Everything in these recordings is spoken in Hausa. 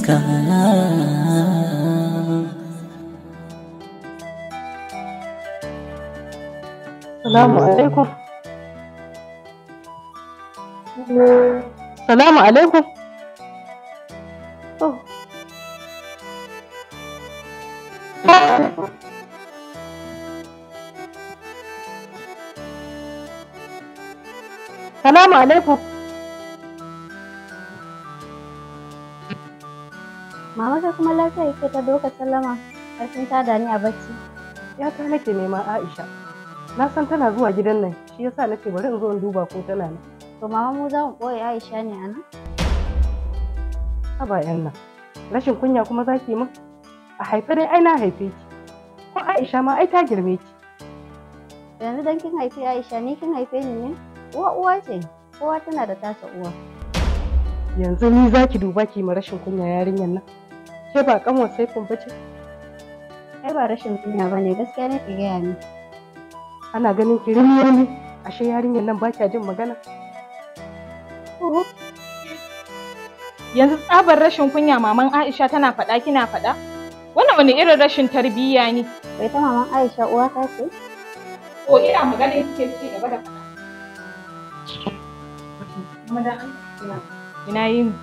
fuska Salamu alaikum. Salamu alaikum. Oh. Salamu alaikum. Mama ka kuma lafiya yake ta doka sallama karfin ta da ni a bacci. Ya ta nake ma Aisha. Na san tana zuwa gidan nan shi yasa nake bari in zo in duba ko tana nan. To mama mu za mu ɓoye Aisha ne a nan. Haba nan. Rashin kunya kuma za ki min? A haife dai ai na haife ki. Ko Aisha ma ai ta girme ki. Yanzu dan kin haife Aisha ni kin haife ni ne? Uwa uwa ce. Kowa tana da tasa uwa. Yanzu ni za ki duba ki ma rashin kunya yarinyar nan. ke ba kan wasai kumba ce ai ba rashin kunya ba ne gaskiya ne ke gaya ni ana ganin ki rimi ashe yarinyar nan ba kya jin magana yanzu tsabar rashin kunya maman Aisha tana faɗa kina faɗa wannan wani irin rashin tarbiyya ne bai ta maman Aisha uwa ta ce ko ina magana kike ci gaba da faɗa kuma da an ina yin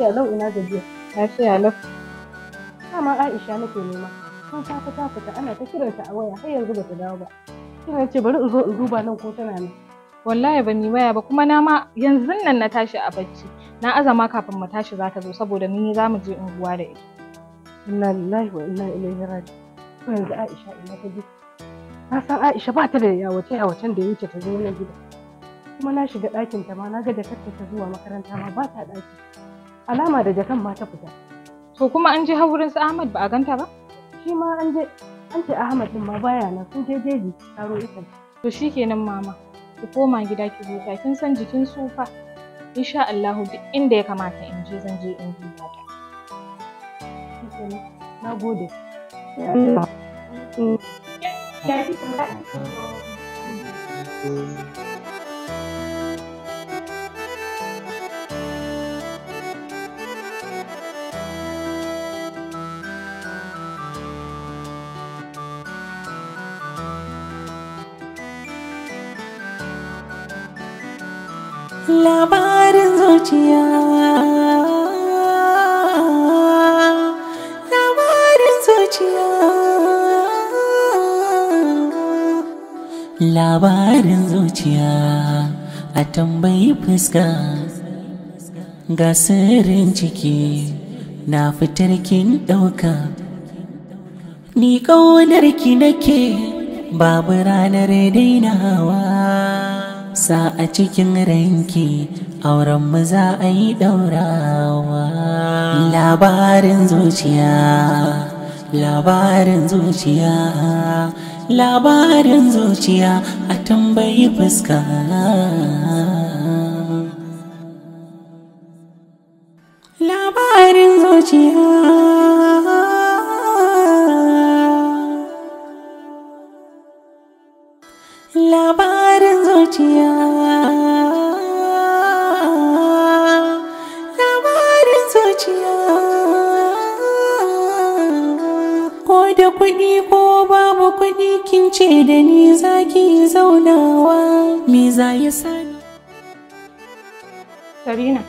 a lau ina gajiya lafiya lau dama Aisha nake nema sun ta fita fita ana ta kiranta a waya har yanzu bata dawo ba kina ce bari in zo in duba nan ko tana nan wallahi ban yi waya ba kuma na ma yanzu nan na tashi a bacci na azama kafin mu tashi za ta zo saboda mun yi zamu je unguwa da ita inna lillahi wa inna ilaihi raji yanzu Aisha ina ta ji na san Aisha ba ta da yawace yawacen da ya wuce ta zo nan gida kuma na shiga ɗakin ta ma na ga da ta zuwa makaranta ma ba ta ɗaki alama da jakan ma ta fita To kuma an je har wurin su Ahmad ba a ganta ba? Shi ma an je an ce Ahmad din ma baya nan sun je jeji taro ita. To shi kenan mama ki koma gida ki huta kin san jikin fa. Insha Allah duk inda ya kamata in je zan je in duba ta. Na gode. Mm. Ya Thank you. labarin zuciya labarin labarin zuciya a tambayi fuska ga sirrin ciki na fitar kin ɗauka ni ƙaunarki nake babu ranar daina dainawa sa a cikin ranki auren mu za a yi ɗaurawa labarin zuciya labarin zuciya labarin zuciya a tambayi fuska labarin zuciya Sarina,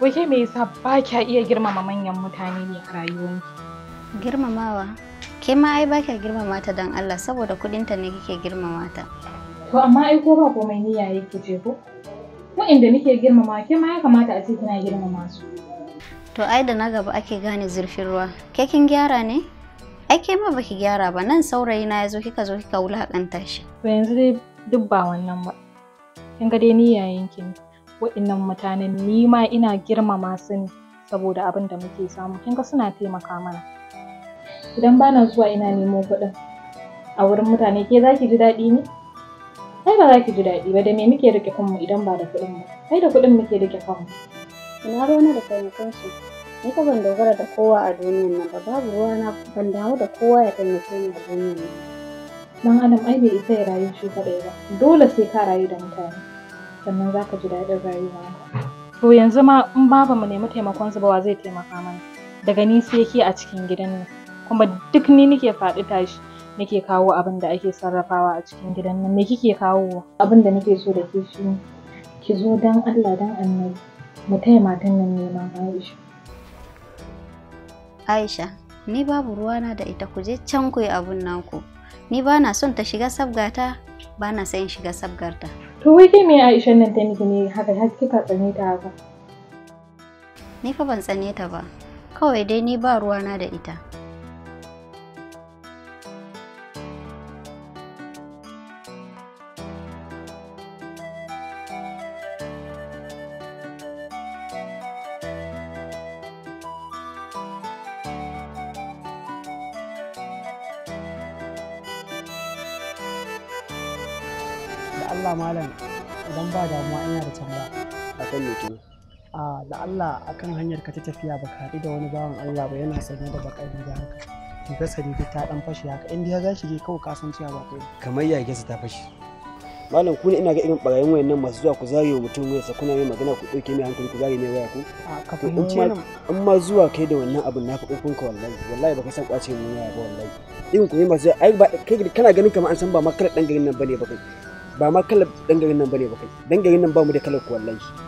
wake me yasa ba kya iya girmama manyan mutane ne a rayuwarki? Girmamawa? Ke ma ai ba kya girmama ta don Allah saboda kudinta ne kike girmama ta. To amma ai ko ba komai niyya yake ce ko? inda nake girmama ke ma ya kamata a ce kina girmama su. To ai da na gaba ake gane zurfin ruwa. Ke kin gyara ne? Ai ke ma baki gyara ba nan saurayi na yazo kika zo kika wulakanta shi. To yanzu dai duk ba wannan ba. Kin ga dai niyya yanki ne. wa'innan mutanen ni ma ina girmama su ne saboda abin da muke samu kin ga suna taimaka mana idan bana zuwa ina nemo kuɗin a wurin mutane ke za ki ji daɗi ne ai ba za ji daɗi ba da me muke rike kanmu idan ba da kuɗin ba ai da kuɗin muke rike kanmu ina ruwana da taimakon su ni ka ban dogara da kowa a duniyan nan ba babu ruwa na ban damu da kowa ya taimake ni a duniyan nan dan adam ai bai isa ya rayu shi kaɗai ba dole sai ka rayu da mutane sannan za ka ji daɗin rayuwa. To yanzu ma in babu mu nemi taimakon su ba wa zai taimaka mana. Daga ni sai ke a cikin gidan nan. Kuma duk ni nake faɗi tashi nake kawo abin da ake sarrafawa a cikin gidan nan. Me kike kawo? Abin da nake so da ke shi ki zo dan Allah dan Annabi mu taya matan nan neman Aisha. Aisha, ni babu ruwana da ita ku je can ku yi abun naku. Ni ba na son ta shiga sabgata, ba na son shiga sabgarta. To wai kai me Aisha nan ta miki ne haka har kika tsane ta haka? Ni fa ban tsane ta ba. Kawai dai ni ba ruwana da ita. akan hanyar ka ta tafiya ba haɗu da wani bawan Allah ba yana sanye da bakar riga haka riga sarifi ta dan fashi haka in ya ga shi kawo ka san cewa ba kai kamar ya gesa ta fashi malam ku ne ina ga irin barayin wayannan masu zuwa ku zare mutum sa kuna mai magana ku dauke mai hankali ku zare mai waya ku ka in ma zuwa kai da wannan abin na kokon ka wallahi wallahi baka san kwace mun ya ba wallahi irin ku ne masu ai ba kai kana ganin kamar an san ba ma kalar dan garin nan bane ba kai ba ma dan garin nan bane ba kai dan garin nan ba mu da kalar ku wallahi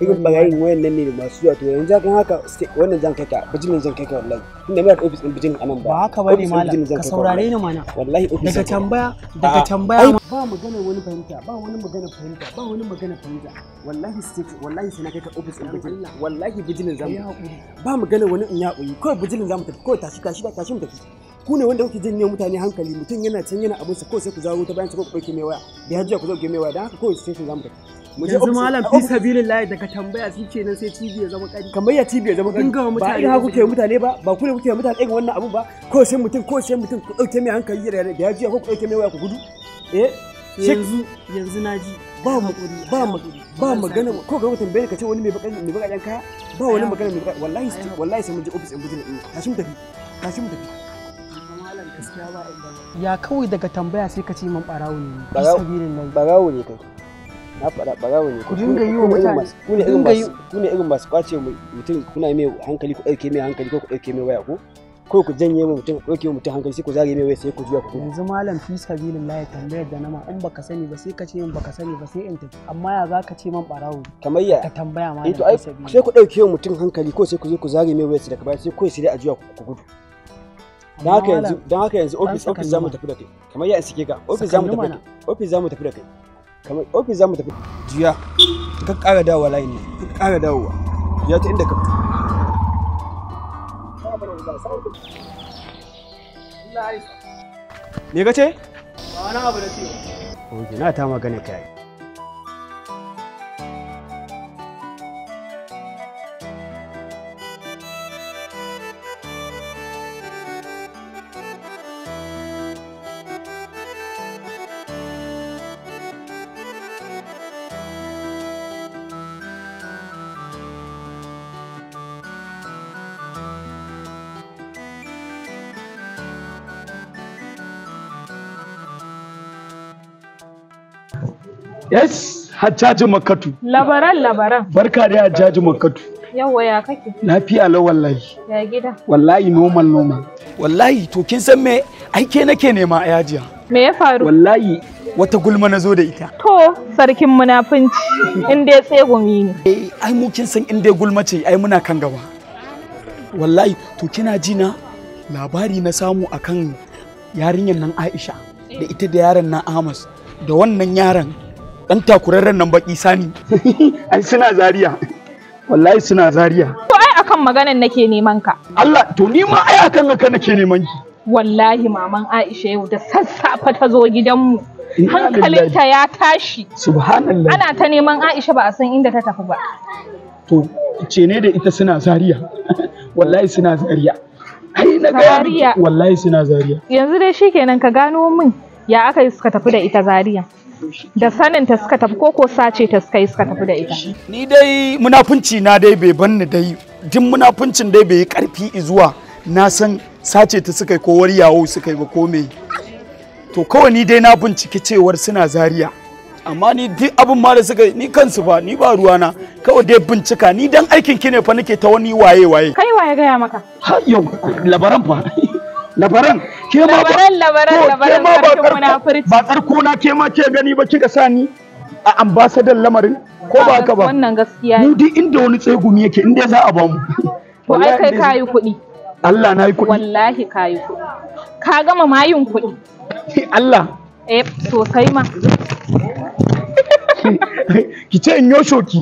irin bayani ne masu zuwa to yanzu kan haka wannan zan kai ka bijimin zan kai ka wallahi tunda office din bijimin anan ba ba ka saurare ni mana ah. daga tambaya daga ba magana wani fahimta ba wani magana fahimta ba wani magana kai ka office din bijimin wallahi ba magana wani in ya koyi kawai bijimin zamu tafi kawai tashi tafi ku wanda kuke jin mutane hankali mutum yana can yana abinsa kawai sai ku zawo ta bayan ta ku ɗauke mai waya da ya ku zo ku mai waya don haka kawai station zamu tafi yanzu malam fi sabilillahi daga tambaya shi ce nan sai cibi ya zama kari kamar ya cibi ya zama kari ba in ha kuke mutane ba ba ku ne kuke mutane irin wannan abu ba ko sai mutum ko sai mutum ku ɗauke mai hankali da ya jiya ko ku dauke mai waya ku gudu eh yanzu yanzu ji ba mu ba mu ba magana ko ga mutum bai ka ce wani mai bakan mai bakan kaya ba wani magana mai bakan wallahi wallahi sai mun je office in bujin in eh, Hashim tafi Hashim tafi ya kawai daga tambaya sai ka ce man barawo ne barawo ne kai na faɗa ɓarawo ne ku dinga yi wa mutane ku ne irin masu kwace mutum kuna mai hankali ku ɗauke mai hankali ko ku ɗauke mai waya ko ko ku janye mai mutum ku ɗauke mutum hankali sai ku zare mai waya sai ku juya ku yanzu malam fi sabilillahi tambayar da nama in baka sani ba sai ka ce in baka sani ba sai in tafi amma ya za ka ce man ɓarawo kamar ya ka tambaya malam eh fi sabilillahi sai ku ɗauke wa mutum hankali ko sai ku zo ku zare mai waya sai daga baya sai ko sai dai a juya ku gudu don haka yanzu don haka yanzu office office zamu tafi da kai kamar ya in sike ka office zamu tafi office zamu tafi da kai kamar ofis za mu tafi jiya ka ƙara dawowa layin ne ka ƙara dawowa jiya ta inda ka fi. me ka ce ba wani abu da ce na ta magana kai Yes, Hajjaji Makatu. Labaran labaran. Barka da Hajjaji Makatu. Yawwa ya kake? Lafiya la wallahi. Ya gida. Wallahi normal normal. Wallahi to kin san me aike nake nema a yajiya. Me ya faru? Wallahi wata gulma na zo da ita. To sarkin munafunci in dai tsegumi ne. Eh ai mu kin san in dai gulma ce ai muna kan gaba. Wallahi to kina ji na labari na samu akan yarinyar nan Aisha da ita da yaron na Amos da wannan yaron dan takurarren nan baki sani ai suna zariya wallahi suna zariya to ai akan maganan nake neman ka Allah to ni ma ai akan haka nake neman ki wallahi maman Aisha yau da sassafe ta zo gidanmu hankalinta ya tashi subhanallah ana ta neman Aisha ba a san inda ta tafi ba to ce ne da ita suna zariya wallahi suna zariya ai na zariya wallahi suna zariya yanzu dai shikenan ka gano min ya aka suka tafi da ita zariya da saninta suka tafi ko ko sace ta suka yi suka tafi da ita ni dai munafunci na dai bai ni dai duk munafuncin dai bai yi karfi zuwa na san sace ta suka yi ko wari yawo suka yi ba ko me to kawai ni dai na binciki cewar suna Zariya. amma ni duk abin ma da suka ni kansu ba ni ba ruwana kawai dai bincika ni dan aikin ki ne fa nake ta wani waye waye kai waye gaya maka ha yau labaran fa labaran ke ma ba tsarko na ke ma ke gani ba kika sani a ambasadan lamarin ko ba ka ba wannan gaskiya mu duk inda wani tsegumi yake inda za a ba mu to ai kai kayi kuɗi Allah na yi kuɗi wallahi kayi kuɗi ka gama mayin kuɗi Allah eh sosai ma ki ce in yosho ki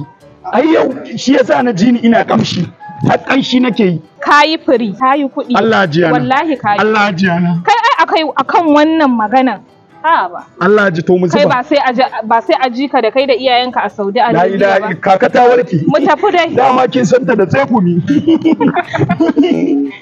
ai yau shi yasa na jini ina kamshi har ƙanshi nake yi kayi firi kayi kuɗi Allah jiya wallahi kayi Allah ji na kai ai akai akan wannan magana ha ba Allah ji to mu kai ba sai a ba sai da kai da iyayenka a Saudi Arabia ba la ila kaka ta warki mu tafi dai dama kin santa da tsegumi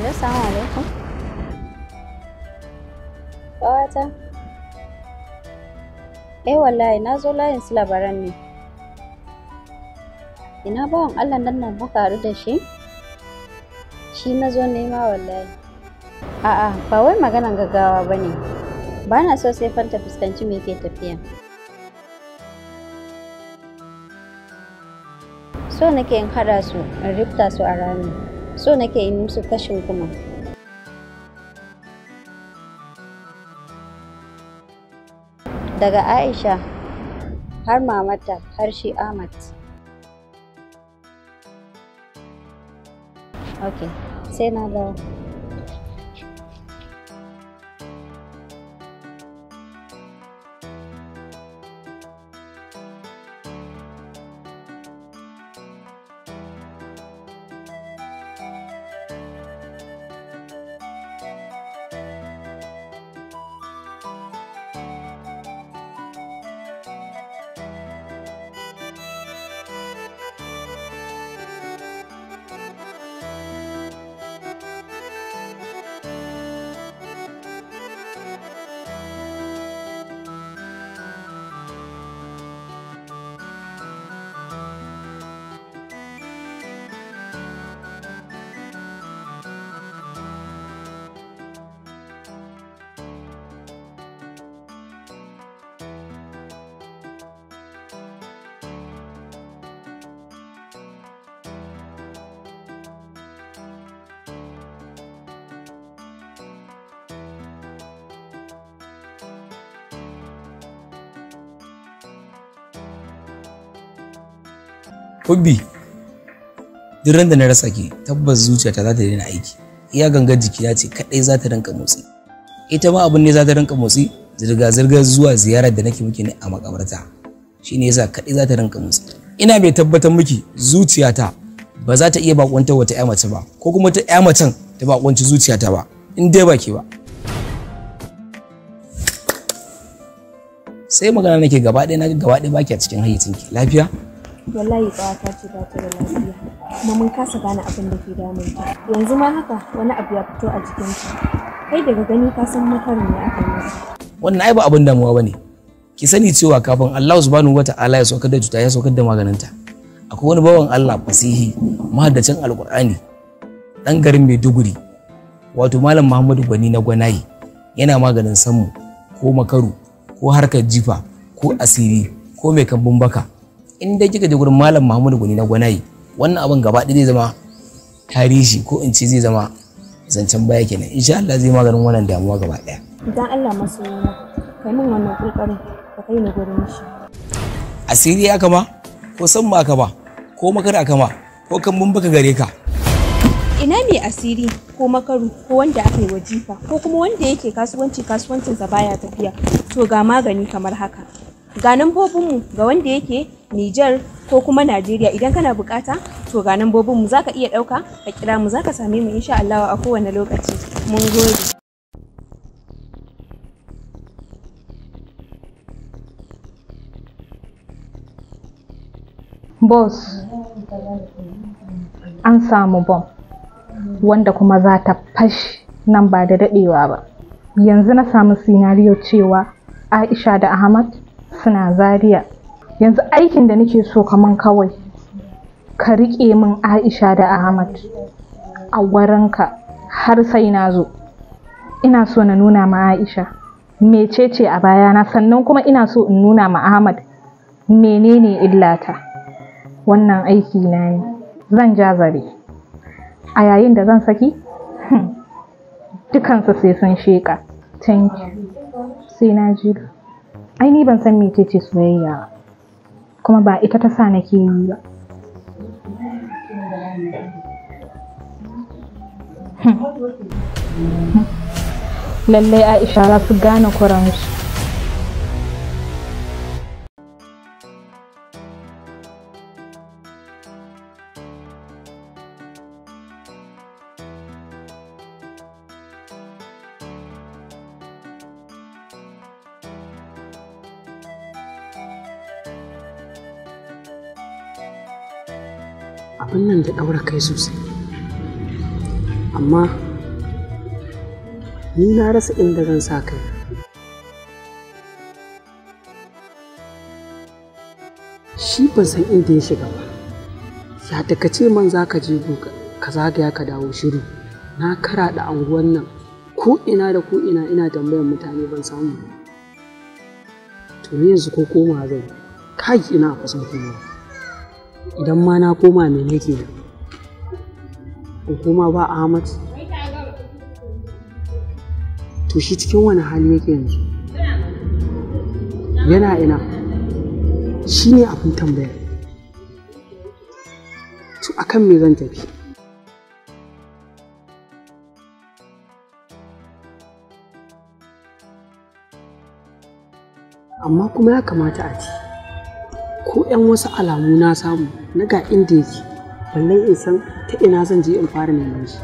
Hello, salamu alaikum. Ƙawata. Eh wallahi na zo layin su labaran ne. Ina bawan Allah nan nan muka haɗu da shi? Shi na zo nema wallahi. A'a, ba wai maganan gaggawa ba ne. Ba na so sai fanta fuskanci me ke tafiya. So nake in haɗa su, in rifta su a rami. so nake yi musu kashin kuma daga aisha har mamata har shi ahmad ok sai na da. Kobi duk ran da na rasa ki tabbas zuciyata za ta daina aiki. Iya gangar ya ce kaɗai za ta rinka motsi. Ita ma abin ne za ta rinka motsi zirga-zirgar zuwa ziyarar da nake miki ne a makabarta. Shi yasa kaɗai za ta rinka motsi. Ina mai tabbatar miki zuciyata ba za ta iya bakuntar wata ƴa mace ba ko kuma ta ƴa macen ta bakunci zuciyata ba in dai ba ke ba. sai magana nake gaba ɗaya na gaba ɗaya baki a cikin hayyacinki lafiya wallahi ta ce ba ta da lafiya kuma mun kasa gane abin da ke damun ta yanzu ma haka wani abu ya fito a jikinta kai daga gani ka san makarin ne aka masa wannan ai ba abin damuwa bane ki sani cewa kafin Allah subhanahu wata'ala ya saukar da cuta ya saukar da maganinta akwai wani bawan Allah fasihi mahaddacin alkur'ani dan garin Maiduguri wato malam Muhammadu Gwani na Gwanayi yana maganin sammu ko makaru ko harkar jifa ko asiri ko mai kambun baka in dai kika je gurin malam Muhammadu Guni na Gwanayi wannan abin gaba ɗaya zai zama tarihi ko in ce zai zama zancen baya kenan insha Allah zai maganin wannan damuwa gaba ɗaya idan Allah masu kai min wannan kokarin ka kai ni gurin shi asiri aka ma ko san ba aka ba ko makar aka ma ko kan mun baka gare ka ina ne asiri ko makaru ko wanda aka yi wajifa ko kuma wanda yake kasuwanci kasuwancinsa baya tafiya to ga magani kamar haka ga mu ga wanda yake Nijar ko kuma Najeriya idan kana bukata to ga mu za ka iya ɗauka ka kira mu za ka same mu insha Allah a kowane lokaci mun gode Boss an samu bom wanda kuma za ta fashi nan ba da daɗewa ba yanzu na samu sinariyo cewa Aisha da Ahmad suna zaria yanzu aikin da nake so kaman kawai ka riƙe min aisha da ahmad a warinka har sai na zo ina so na nuna ma aisha mecece a bayana sannan kuma ina so in nuna ma ahmad menene illata wannan aiki na ne zan ja zare a yayin da zan saki dukansu sai sun sheka thank you sai na ji ai ni ban san mece ce soyayya kuma ba ita ta sa nake yi ba hmm. Hmm. lallai aisha za su gane kuransu abin nan da ɗaura kai sosai amma ni na rasa inda zan sa kai shi ban san inda ya shiga ba ya daga ce man za ka je ka zagaya ka dawo shiru na kara da anguwan nan ko ina da ko ina ina tambayar mutane ban samu to yanzu ko koma zai kai ina kusan kuma idan ma na koma me nake da ko koma ba Ahmad to shi cikin wani hali yake yanzu yana ina shi ne abin tambaya to akan me zan tafi amma kuma ya kamata a ci ko 'yan wasu alamu na samu na ga inda yake balle in san ta ina zan je in fara neman shi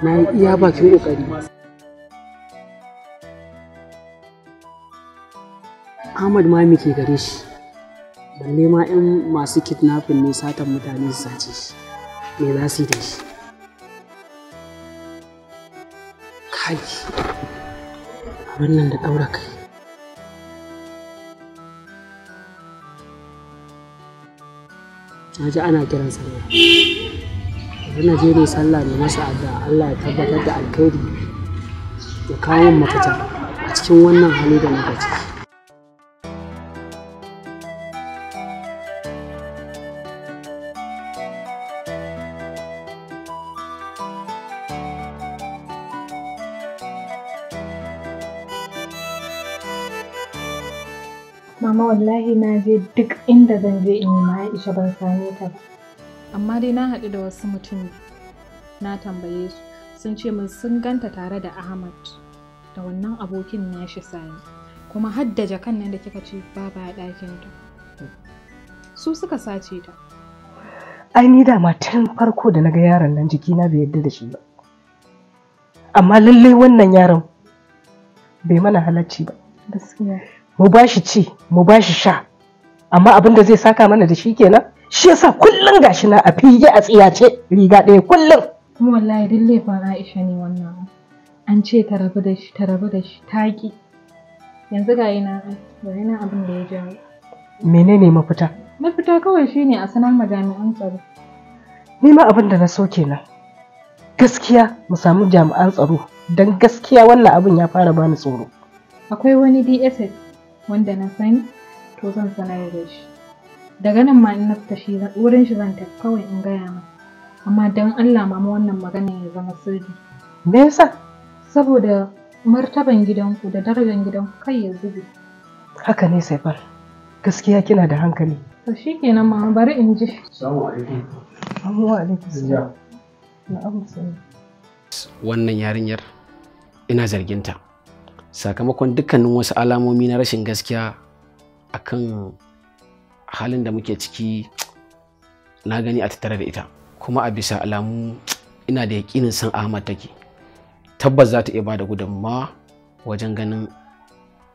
na yi iya bakin kokari ahmad ma muke gare shi balle ma 'yan masu kidnapping ne satan mutane su sace shi me za su yi da shi kai abin nan da ɗaura kai na ji ana kiran sallah bari na je ne sallah ne masa adda Allah ya tabbatar da alkhairi ya kawo mafita a cikin wannan hali da na ciki Mama wallahi na je duk inda zan je in yi ma Aisha ban same ta ba. Amma dai na haɗu da wasu mutum na tambaye su sun ce min sun ganta tare da Ahmad da wannan abokin nashi sani kuma hadda jakan nan da kika ce baba a ɗakin ta. Su suka sace ta. Ai ni da tun farko da na ga yaron nan jikina bai yadda da shi ba. Amma lallai wannan yaron bai mana halacci ba. Gaskiya. mu ba shi ci mu ba shi sha amma abin da zai saka mana da shi kenan shi yasa kullum gashi na a fiye a tsiyace riga ɗaya kullum kuma wallahi duk laifin Aisha ne wannan an ce ta rabu da shi ta rabu da shi ta ki yanzu ga ina ga ina abin da ya jawo menene mafita mafita kawai shine a sanar ma jami'an tsaro ni ma abin da na so kenan gaskiya mu samu jami'an tsaro don gaskiya wannan abin ya fara bani tsoro akwai wani DSS wanda na sani to zan sanar da shi daga nan ma in na fita shi wurin shi zan tafi kawai in gaya ma. amma don Allah mama wannan magana ya zama sirri me yasa saboda martaban gidanku da darajar gidanku kai ya zube haka ne saifar gaskiya kina da hankali to kenan ma bari in ji salamu alaikum salamu alaikum wannan yarinyar ina zarginta sakamakon dukkanin wasu alamomi na rashin gaskiya akan halin da muke ciki na gani a tattare da ita kuma a bisa alamu ina da yaƙinin san ahmad take tabbas za ta iya bada gudunmawa wajen ganin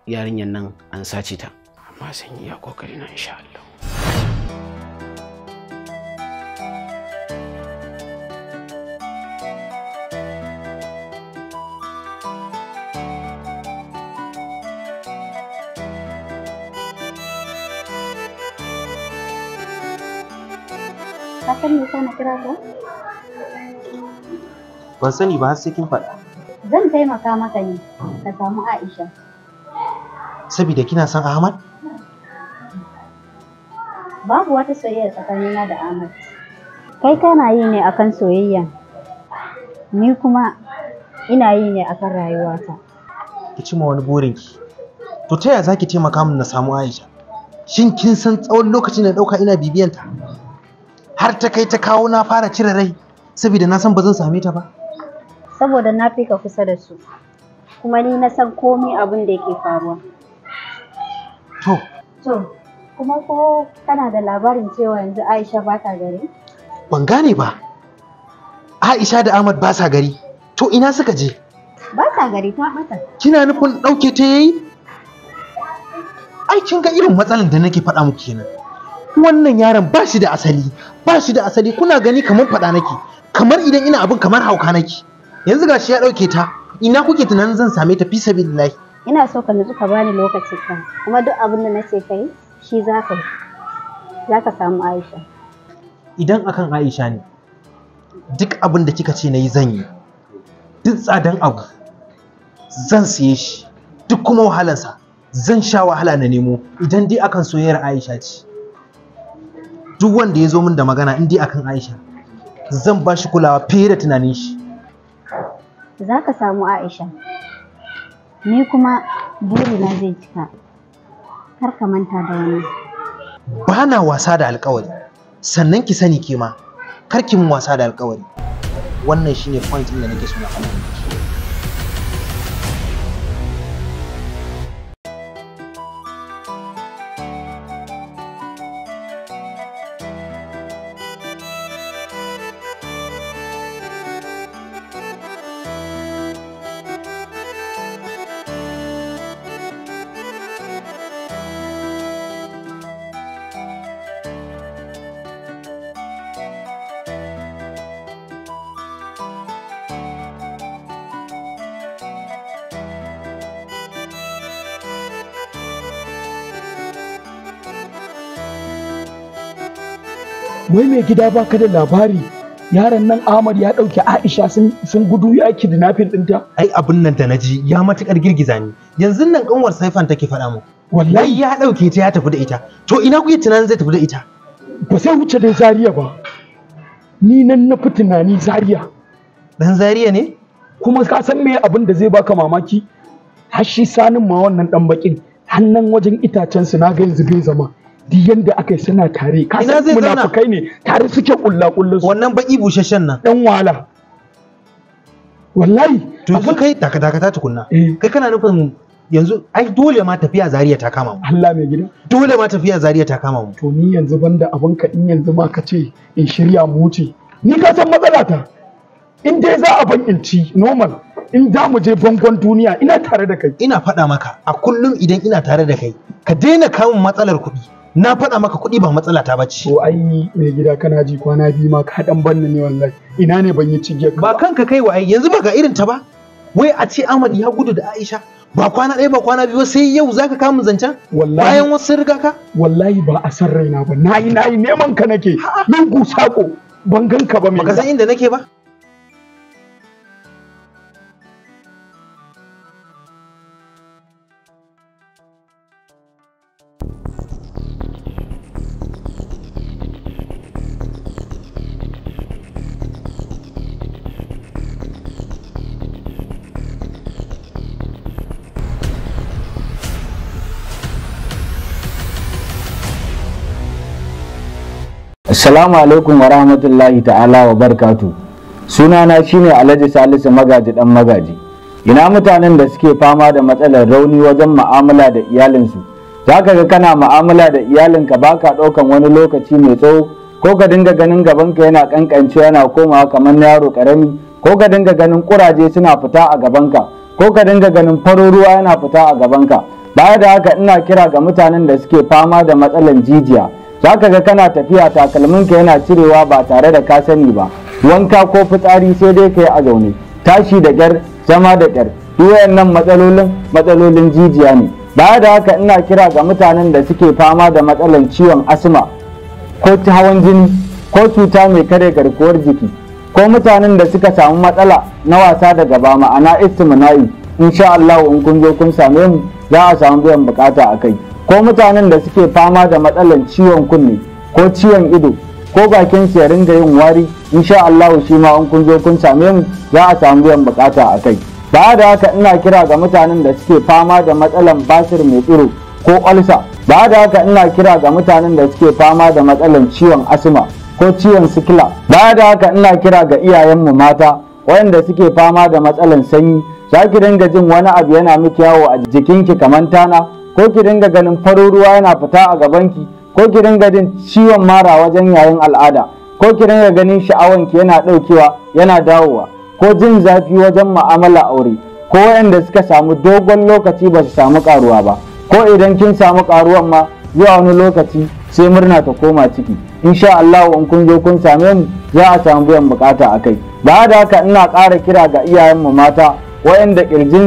yarinyar nan an sace ta amma sun ya kokari na insha Allah Ka san me na kira ka? Ban sani ba har sai kin faɗa. Zan taimaka maka ne ka samu Aisha. Sabida kina son Ahmad? Babu wata soyayya tsakanina da Ahmad. Kai kana yi ne akan soyayya. Ni kuma ina yi ne akan rayuwata. Ki cima wani burinki. To ta yaya za ki taimaka min na samu Aisha? Shin kin san tsawon lokacin da ɗauka ina bibiyanta? har ta kai ta kawo na fara cire rai saboda na san ba zan same ta ba saboda na fi ka kusa da su kuma ni na san komai abin da yake faruwa to to kuma ko kana da labarin cewa yanzu Aisha ba ta gari ban gane ba Aisha da Ahmad ba sa gari to ina suka je ba sa gari ta mata kina nufin dauke ta yayi ai kin ga irin matsalar da nake faɗa muku kenan wannan yaron ba shi da asali ba shi da asali kuna gani kamar faɗa nake kamar idan ina abin kamar hauka nake yanzu gashi ya ɗauke ta ina kuke tunanin zan same ta fi sabilillahi ina so ka nutsu ka bani lokaci ka kuma duk abin da nace kai shi za ka yi za ka samu Aisha idan akan Aisha ne duk abin da kika ce nayi zan yi duk tsadan abu zan siye shi duk kuma wahalansa zan sha wahala na nemo idan dai akan soyayyar Aisha ce duk wanda ya zo min da magana in a akan Aisha zan ba shi kulawa fiye da tunanin shi za ka samu Aisha ni kuma burina zai cika kar ka manta da wani ba na wasa da alkawari sannan ki sani ke ma kar ki min wasa da alkawari wannan shine point din da nake so na faɗa miki wai mai gida baka da labari yaron nan Ahmad ya ɗauke Aisha sun gudu ya ki da ɗinta. Ai abin nan da naji ya matukar girgiza ni. Yanzu nan ƙanwar Saifan take faɗa mu. Wallahi ya ɗauke ta ya tafi da ita. To ina yi tunanin zai tafi da ita? Ba sai wuce dai Zaria ba. Ni nan na fi tunani Zaria. Dan Zaria ne? Kuma ka san me abin da zai baka mamaki? Har shi sanin ma wannan ɗan bakin. Hannan wajen itacen su na ga yanzu bai zama. duk yanda aka yi suna tare ka san munafukai ne tare suke kulla kullun su wannan baki bushashen nan dan wala wallahi to ka kai daga daga ta tukunna eh. kai kana nufin yanzu ai dole ma tafiya Zariya ta kama mu Allah mai gida dole ma tafiya Zariya ta kama mu to ni yanzu banda abin ka in yanzu ma ka ce in shirya mu wuce ni ka san matsala ta in dai za a bankinci normal in za mu je bangon duniya ina tare da kai ina faɗa maka a kullum idan ina tare da kai ka daina kamun matsalar kuɗi na faɗa maka kuɗi ba matsala ta bace to ai mai gida kana ji kwana biyu ma ka dan banna ne wallahi ina ne ban yi cigiyar ba kanka kai wa ai yanzu ba ga irin ta ba wai a ce Ahmad ya gudu da Aisha ba kwana ɗaya ba kwana biyu sai yau zaka kamu zancen bayan wasu sun riga ka wallahi ba a san raina ba nayi nayi neman ka nake lungu sako ban ganka ba mai ka san inda nake ba Assalamu alaikum wa rahmatullahi ta'ala wa barkatu. Suna Sunana shine Alhaji Salisu Magaji dan Magaji. Ina mutanen da suke fama da matsalar rauni wajen ma'amala da iyalinsu. Za ka ga kana ma'amala da iyalinka baka ɗaukan wani lokaci mai tsawo ko ka dinga ganin gabanka yana kankance yana komawa kamar yaro karami ko ka dinga ganin ƙuraje suna fita a gabanka ko ka dinga ganin farin yana fita a gabanka. Baya da haka ina kira ga mutanen da suke fama da matsalar jijiya. za ka ga kana tafiya takalminka yana cirewa ba tare da ka sani ba wanka ko fitsari sai dai ka yi a zaune tashi da ƙyar zama da ƙyar duk nan matsalolin matsalolin jijiya ne baya da haka ina kira ga mutanen da suke fama da matsalan ciwon asma ko hawan jini ko cuta mai kare garkuwar jiki ko mutanen da suka samu matsala na wasa da gaba ma'ana istimna'i insha Allah in kun zo kun same mu za a samu biyan bukata a kai ko mutanen da suke fama da matsalar ciwon kunne ko ciwon ido ko bakin su ya ringa yin wari insha Allah shi ma in kun zo kun same mu za a samu biyan bukata a kai ba da haka ina kira ga mutanen da suke fama da matsalar basir mai tsiro ko olsa ba da haka ina kira ga mutanen da suke fama da matsalar ciwon asma ko ciwon sikila ba da haka ina kira ga iyayenmu mata waɗanda suke fama da matsalar sanyi za ki dinga jin wani abu yana miki yawo a jikinki kamar tana ko ki dinga ganin farin ruwa yana fita a gabanki ko ki dinga jin ciwon mara wajen yayin al'ada ko ki dinga ganin sha'awanki yana ɗaukewa yana dawowa ko jin zafi wajen ma'amala aure ko waɗanda suka samu dogon lokaci ba su samu ƙaruwa ba ko idan kin samu ƙaruwan ma zuwa wani lokaci sai murna ta koma ciki insha Allah in kun zo kun same mu za a samu biyan bukata kai. ba da haka ina ƙara kira ga iyayenmu mata wayanda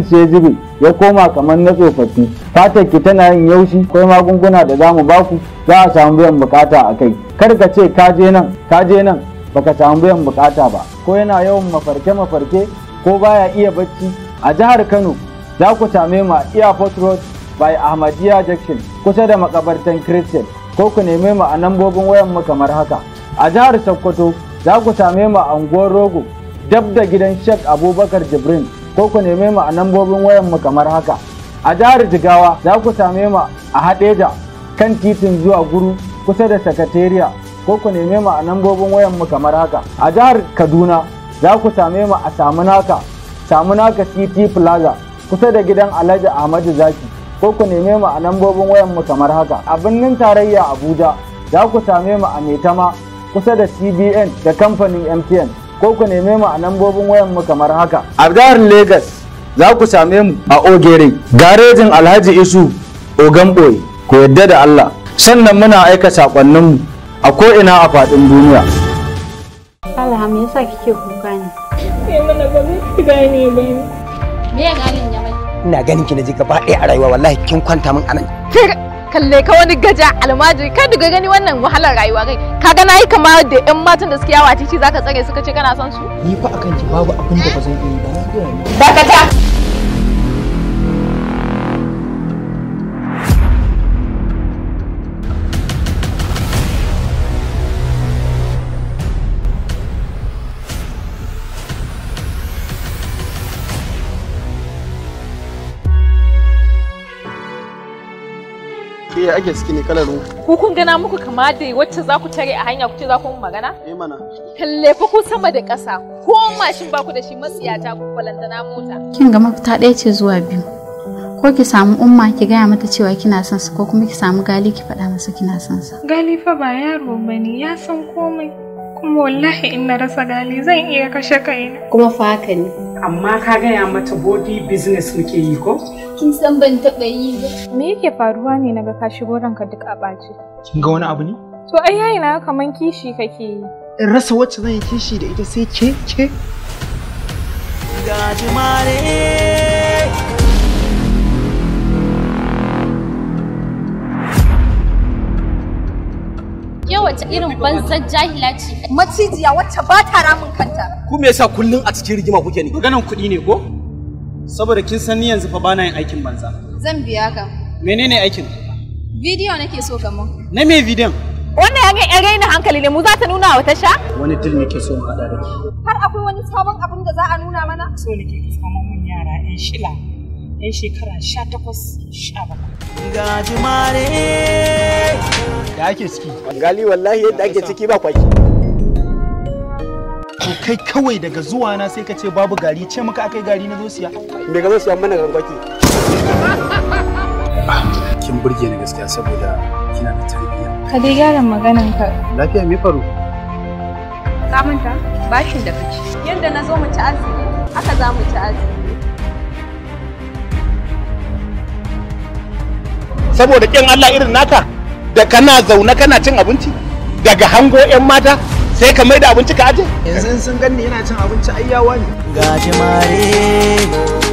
su ya zube ya koma kamar na tsofaffi fatar ki tana yin yaushi akwai magunguna da zamu baku za a samu biyan bukata a kai kar ka ce ka je nan ka je nan baka samu biyan bukata ba ko yana yawan mafarke mafarke ko baya iya bacci a jihar Kano za ku same mu a Port Road by Ahmadiyya Junction kusa da makabartan Christian ko ku neme mu a nambobin wayan mu kamar haka a jihar Sokoto za ku same mu a unguwar Rogo dab da gidan Sheikh Abubakar Jibrin ko ku neme mu a nambobin wayan mu kamar haka a jihar jigawa za ku same mu a hadeja kan titin zuwa guru kusa da sakatariya ko ku neme mu a nambobin wayan mu kamar haka a jihar kaduna za ku same mu a samunaka samunaka city plaza kusa da gidan alhaji ahmadu zaki ko ku neme mu a nambobin wayan mu kamar haka a birnin tarayya abuja za ku same mu a maitama kusa da cbn da kamfanin mtn ko ku neme mu a nambobin wayan mu kamar haka. A jihar Legas za ku same mu a Ogere, garejin Alhaji Isu Ogamboy ku yadda da Allah. Sannan muna aika mu a ko'ina a faɗin duniya. Allah me yasa kike kuka ne? Sai eh, mana ba zai gane ba ne. Me ya garin ya mai? Ina ganin ki na ji gaba ɗaya a rayuwa wallahi kin kwanta min anan. kalle ka wani gaja almajiri kai daga gani wannan wahalar rayuwa kai kaga nayi kama da yan matan da suke yawa titi zaka tsare suka ce kana son su ni fa akan ki babu abin da ba zan iya ba dakata ya ake suke ne kalar ruwa. Ku kun gana muku kama da wacce za ku tare a hanya kuce za ku mu magana? Eh mana. Kalle fa ku sama da kasa ko mashin ba ku da shi matsiyata ku balantana mota. Kin ga mafita ɗaya ce zuwa biyu. Ko ki samu umma ki gaya mata cewa kina son sa ko kuma ki samu gali ki faɗa masa kina son sa. Gali fa ba yaro bane ya san komai. kuma wallahi in na rasa gani zan iya kashe kaina kuma fa haka ne amma ka gaya mata body business muke yi ko kin san ban taɓa yi ba me yake faruwa ne naga ka shigo ranka duk a ɓaci kin ga wani abu ne to ai yayi na kaman kishi kake yi in rasa wacce zan yi kishi da ita sai ke ke gajimare kowace irin banzan jahila ce macijiya wacce ba ta ramin kanta ku me yasa kullun a cikin rigima kuke ni ganin kuɗi ne ko saboda kin san ni yanzu fa bana yin aikin banza zan biya ka menene aikin Video nake so ka mun na me bidiyon wannan ya ga yan raina hankali ne mu za ta nuna wa sha? wani dil nake so mu hada da ki har akwai wani sabon abin da za a nuna mana so nake ka samu mun yara yan shila yan shekara 18 17 ga jumare da ake ciki gali wallahi yadda ake ciki ba kwaki to kai kawai daga zuwa na sai ka ce babu gari ce maka akai gari na zo siya me ga siya mana gangwaki ah, kin burge ni gaskiya saboda kina da tarbiyya ka dai gyara maganan ka lafiya me faru ka manta bashin da kaci yadda na zo mu ci azumi haka za mu ci azumi saboda kin Allah irin naka da kana zaune kana cin abinci daga hango 'yan mata sai ka mai da abinci ka aje yanzu sun ganni yana cin abinci ayyawa ne gaji mare